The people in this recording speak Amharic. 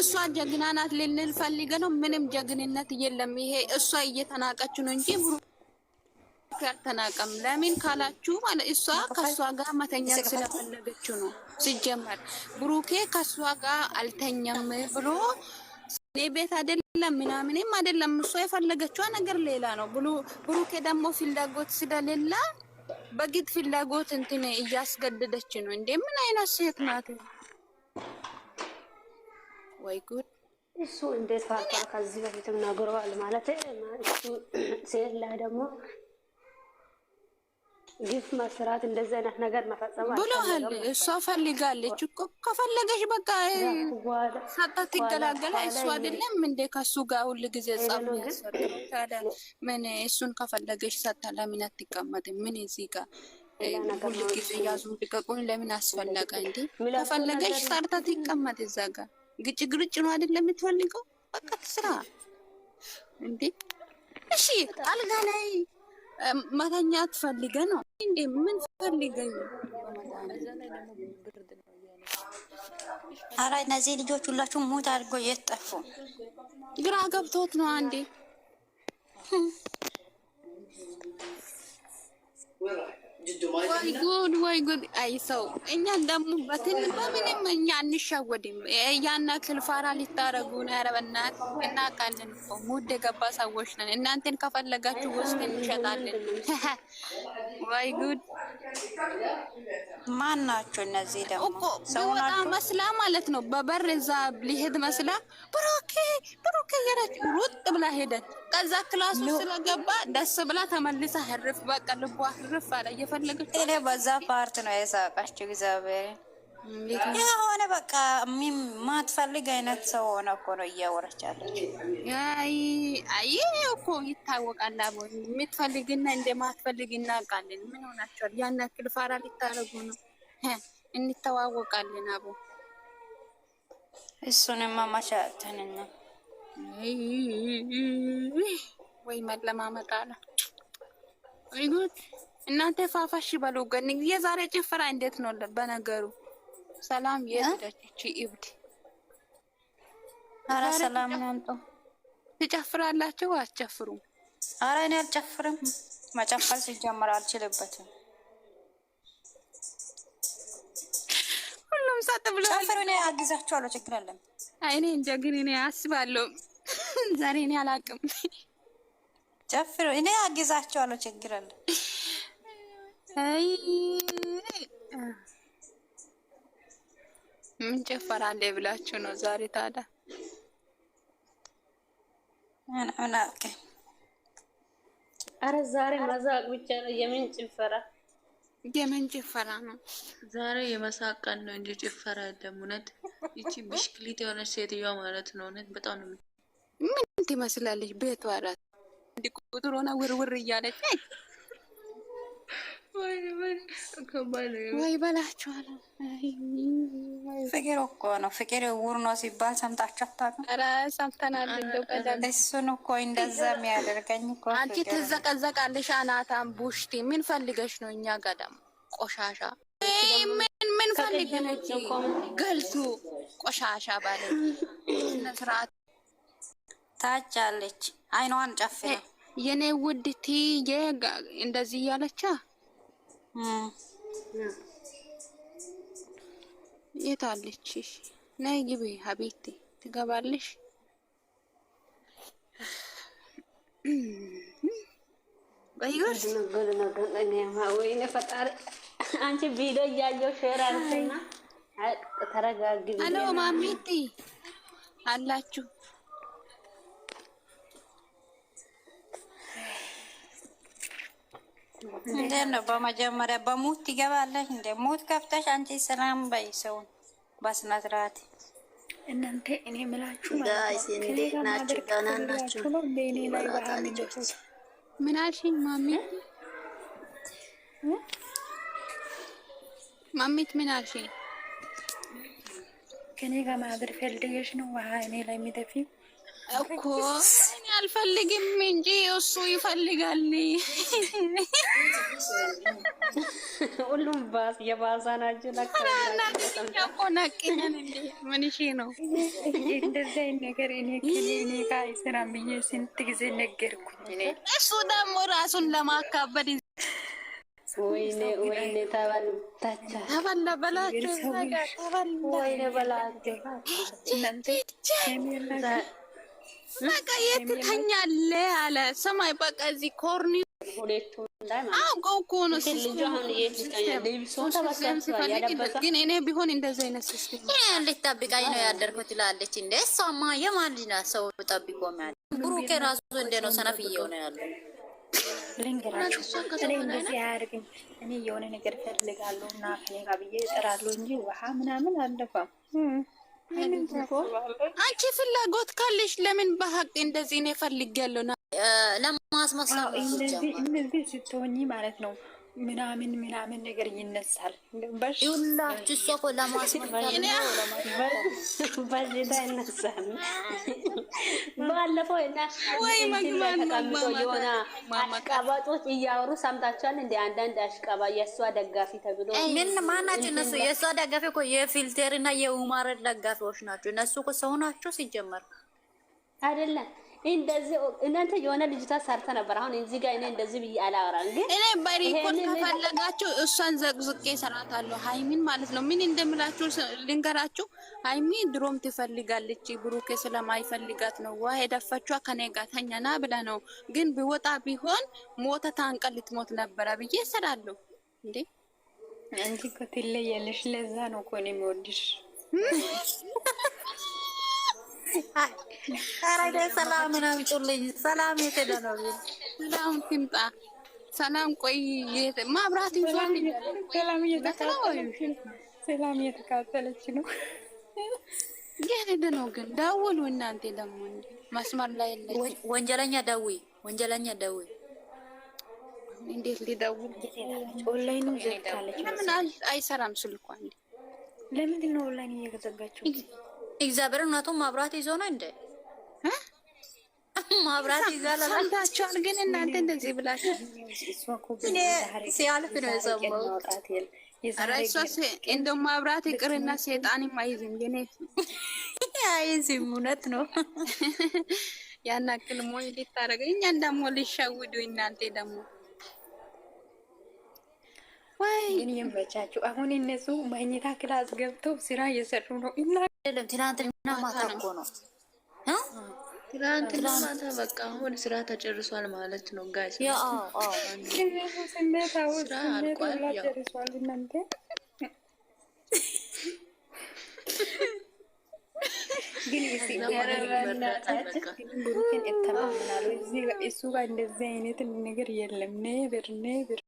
እሷ ጀግና ናት ልንል ፈልገ ነው። ምንም ጀግንነት የለም። ይሄ እሷ እየተናቀች ነው እንጂ ብሩክ አልተናቀም። ለምን ካላችሁ ማለት እሷ ከእሷ ጋር መተኛ ስለፈለገች ነው። ሲጀመር ብሩኬ ከእሷ ጋር አልተኛም ብሎ እኔ ቤት አይደለም ምናምንም አይደለም። እሷ የፈለገችዋ ነገር ሌላ ነው። ብሩኬ ደግሞ ፍላጎት ስለሌላ በግድ ፍላጎት እንትን እያስገደደች ነው። እንዴ ምን አይነት ሴት ናት? ወይ ጉድ! እሱ እንዴት ፋፋ ከዚህ በፊትም ነግረዋል ማለት እሱ ሴት ላይ ደግሞ ግፍ መስራት እንደዚህ አይነት ነገር መፈጸም ብሎሃል። እሷ ፈልጋለች እኮ ከፈለገች በቃ ሰጣ ትገላገላ። እሱ አይደለም እንዴ ከሱ ጋር ሁል ጊዜ ጻፍ ታዲያ ምን እሱን ከፈለገች ሰጣ ለምን አትቀመጥ? ምን እዚህ ጋር ሁል ጊዜ ያዙ ልቀቁን ለምን አስፈለገ? እንዲ ከፈለገች ሰርታ ትቀመጥ እዛ ጋር ግጭ ግርጭ ነው አይደለም የምትፈልገው? በቃ ስራ እንዴ! እሺ፣ አልጋ ላይ መተኛ ትፈልገ ነው እንዴ? ምን ትፈልገኝ? አረ እነዚህ ልጆች ሁላችሁ ሙት አድርጎ የት ጠፉ? ግራ ገብቶት ነው አንዴ ወይ ወይጉድ! አይ ሰው እኛ ደግሞ በትን በምንም እኛ አንሸወድም። ያን ያክል ፋራ ሊታረጉ ነው። ኧረ በእናትህ እናውቃለን እኮ ሙድ የገባ ሰዎች ነን። እናንተን ከፈለጋችሁ ውስጥ እንሸጣለን። ወይ ወይጉድ! ማን ናቸው እነዚህ ደግሞ? ብወጣ መስላ ማለት ነው በበር እዛ ሊሄድ መስላ ብሮኬ ብሮኬ እያለች ሩጥ ብላ ሄደች። እዛ ውስጥ ስለገባ ደስ ብላ ተመልሳ ህርፍ በቃ ልቧ ህርፍ አለ። እየፈለገች እኔ በዛ ፓርት ነው የሳቀችው። እግዚአብሔር የሆነ በቃ ማትፈልግ አይነት ሰው ሆነ እኮ ነው እያወረቻለች። አይ እኮ ይታወቃል። አቦ የምትፈልግና ማትፈልግ እናውቃለን። ምን ሆናቸዋል? ያን ያክል ፋራ ሊታረጉ ነው። እንተዋወቃለን። አቦ እሱንማ ማሻተንና ወይ መለማመጣ ነው። ወይ ጉድ! እናንተ ፋፋሽ በሉ። ገን የዛሬ ጭፈራ እንዴት ነው? በነገሩ ሰላም የሄደች እብድ። አረ ሰላም ናንጦ ትጨፍራላችሁ አትጨፍሩም? አረ እኔ አልጨፍርም። መጨፈር ሲጀምር አልችልበትም። ሁሉም ሰጥ ብሎ ጨፍሩ። እኔ አግዛችኋለሁ። ችግር የለም። አይኔ እንጃ ግን እኔ አስባለሁ ዛሬ እኔ አላቅም። ጨፍሮ እኔ አግዛቸዋለሁ። ችግር አለ ምን ጨፈራለ ብላችሁ ነው ዛሬ ታዲያ? አረ ዛሬ መዛቅ ብቻ ነው። የምን ጭፈራ የምን ጭፈራ ነው ዛሬ? የመሳቅ ቀን ነው እንጂ ጭፈራ የለም። እውነት ይቺ ብሽክሊት የሆነች ሴትዮዋ ማለት ነው። እውነት በጣም ነው ምን ትመስላለች? ቤቷ ራሱ እንዲ ቁጥር ሆና ውርውር እያለች ወይ በላችኋል። ፍቅር እኮ ነው። ፍቅር እውር ነው ሲባል ሰምታችሁ አታውቅም? ሰምተናል። እሱን እኮ እንደዛ የሚያደርገኝ እኮ አንቺ ትዘቀዘቃለሽ። አናታን ቡሽቲ ምን ፈልገሽ ነው? እኛ ጋር ቆሻሻ ምን ፈልገሽ? ገልቱ ቆሻሻ ባለ ስነስርዓት ታች አለች። አይኗን ጨፍ የኔ ውድ ትዬ እንደዚህ እያለቻ የት አለች? ነይ ግቢ ሀቢቲ ትገባለሽ። ወይኔ ፈጣሪ አንቺ ቪዲዮ እያየሁ ሼር ተረጋግቢ። ማሚቲ አላችሁ እንዴት ነው? በመጀመሪያ በሙት ትገባለሽ እንደ ሙት ከፍተሽ አንቺ ሰላም በይ ሰውን በስነ ስርዓት። እናንተ እኔ ምላችሁ ምን አልሽኝ? ማሚ ማሚት ምን አልሽኝ? ከኔ ጋር ማህበር ፈልገሽ ነው ውሃ እኔ ላይ የሚደፊ እኮ አልፈልግም እንጂ እሱ ይፈልጋል። ሁሉም ባስ የባሳ ናቸው። ምንሽ ነው እንደዚህ አይነት ነገር? እኔ ክሊኒካ ስራ ብዬ ስንት ጊዜ ነገርኩኝ። እሱ ደግሞ ራሱን ለማካበድ ወይኔ ወይኔ፣ ተበላታችሁ፣ ተበላበላችሁ፣ ተበላ እናንተ በቃ የት ተኛለህ አለ። ሰማይ በቃ እዚህ ኮርኒ ግን እኔ ቢሆን አይነት ሲስተም ነው ያደርኩት ትላለች። እንደ እሷማ የማን ልጅ ናት? ሰው ጠብቆ ብሩኬ ራሱ እንደ ነው ሰነፍ እየሆነ እኔ የሆነ ነገር ፈልጋለሁ እና ከኔ ጋር ብዬ እጥራለሁ እንጂ ውሃ ምናምን አንቺ ፍላጎት ካለሽ ለምን በሀቅ እንደዚህ ነው ያለው ለማስመሰል እንደዚህ ስትሆኚ ማለት ነው። ምናምን ምናምን ነገር ይነሳል። ሁላችሁ እሷ እኮ ለማስመታት ይነሳል። ባለፈው ተቀምጦ የሆነ አሽቃባጮች እያወሩ ሰምታችኋል። እንደ አንዳንድ አሽቃባ የእሷ ደጋፊ ተብሎ ምን ማናቸው እነሱ የእሷ ደጋፊ እኮ የፊልተር እና የኡማር ደጋፊዎች ናቸው። እነሱ እኮ ሰው ናቸው ሲጀመር አይደለም እንደዚህ እናንተ የሆነ ልጅቷ ሰርተ ነበር። አሁን እዚህ ጋር እኔ እንደዚህ ብዬ አላወራም፣ ግን እኔ በሪ ኮን ከፈለጋችሁ እሷን ዘቅዝቄ እሰራታለሁ። ሀይሚን ማለት ነው። ምን እንደምላችሁ ልንገራችሁ። ሀይሚ ድሮም ትፈልጋለች፣ ብሩኬ ስለማይፈልጋት ነው። ዋ የደፋችዋ ከኔ ጋር ተኛና ብለ ነው። ግን ቢወጣ ቢሆን ሞተ ታንቀ ልትሞት ነበረ ብዬ እሰራለሁ። እንዴ አንቺ እኮ ትለያለሽ። ለዛ ነው እኮ እኔ የሚወድሽ አረደ ሰላምን አምጡልኝ። ሰላም የት ሰላም ትምጣ። ሰላም ቆይ፣ ማብራት ሰላም እየተካተለች ነው። የት ሄደ ነው ግን? ደውሉ እናንተ ደግሞ መስመር ላይ የለች። ወንጀለኛ ደውይ፣ ወንጀለኛ ደውይ። እንዴት ሊደውል? ኦንላይኑ ዘግታለች። ለምን አይሰራም ስልኳ? ለምንድን ነው ኦንላይን እየዘጋችው? እግዚአብሔር እናቱን ማብራት ይዞ ነው እንዴ? ማብራት ይዛል። ሰምታችኋል። ግን እናንተ እንደዚህ ብላችሁ ሲያልፍ ነው የሰማሁት። ኧረ እሷስ ማብራት ይቅርና አይዝም። አይዝም። እውነት ነው። ያናክል ሞኝ ልታደርገኝ እኛን ደግሞ ልሸውዱ እናንተ ደግሞ ግን ይመቻችሁ። አሁን እነሱ መኝታ ክላስ ገብተው ስራ እየሰሩ ነው። እና እናለም ትናንትና ማታ እኮ ነው ትናንትና ማታ በቃ አሁን ስራ ተጨርሷል ማለት ነው። ጋሽ ስነታውስራ አልቋል እናንተ ግን እሱ ጋር እንደዚህ አይነት ነገር የለም። ነብር ነብር